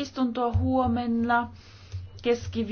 istuntoa huomenna keskiviikkona.